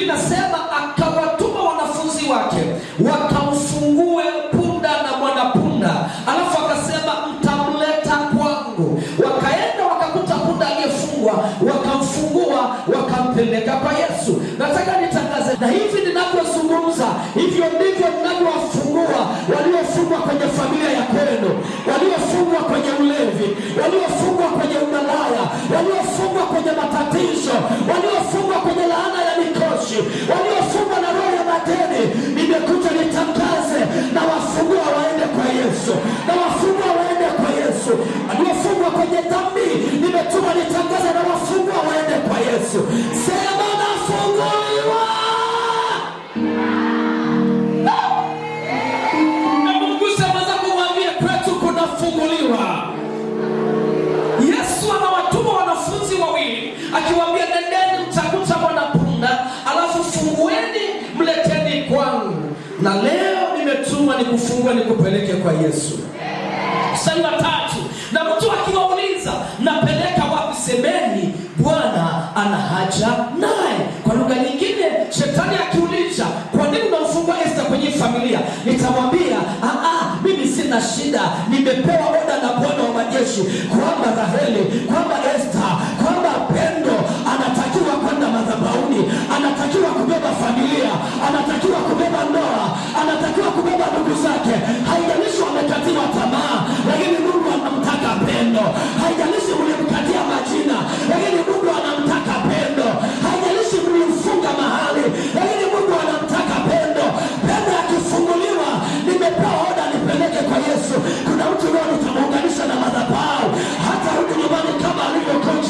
Biblia inasema akawatuma wanafunzi wake wakamfungue punda na mwanapunda, alafu akasema mtamleta kwangu. Wakaenda wakakuta punda aliyefungwa, wakamfungua, wakampeleka kwa Yesu. Nataka nitangaze na hivi ninavyozungumza, hivyo ndivyo kwenye dhambi, nimetuma nitangaza na wafungwa waende kwa Yesu. Sema nafunguliwa. kufungwa Yesu anawatuma wanafunzi alafu mleteni kwangu. Na leo nimetuma nikupeleke kwa Yesu. tatu na mtu pamoja naye. Kwa lugha nyingine, shetani akiuliza kwa nini unamfungua Esta kwenye familia, nitamwambia mimi sina shida, nimepewa oda na Bwana wa majeshi kwamba Raheli kwamba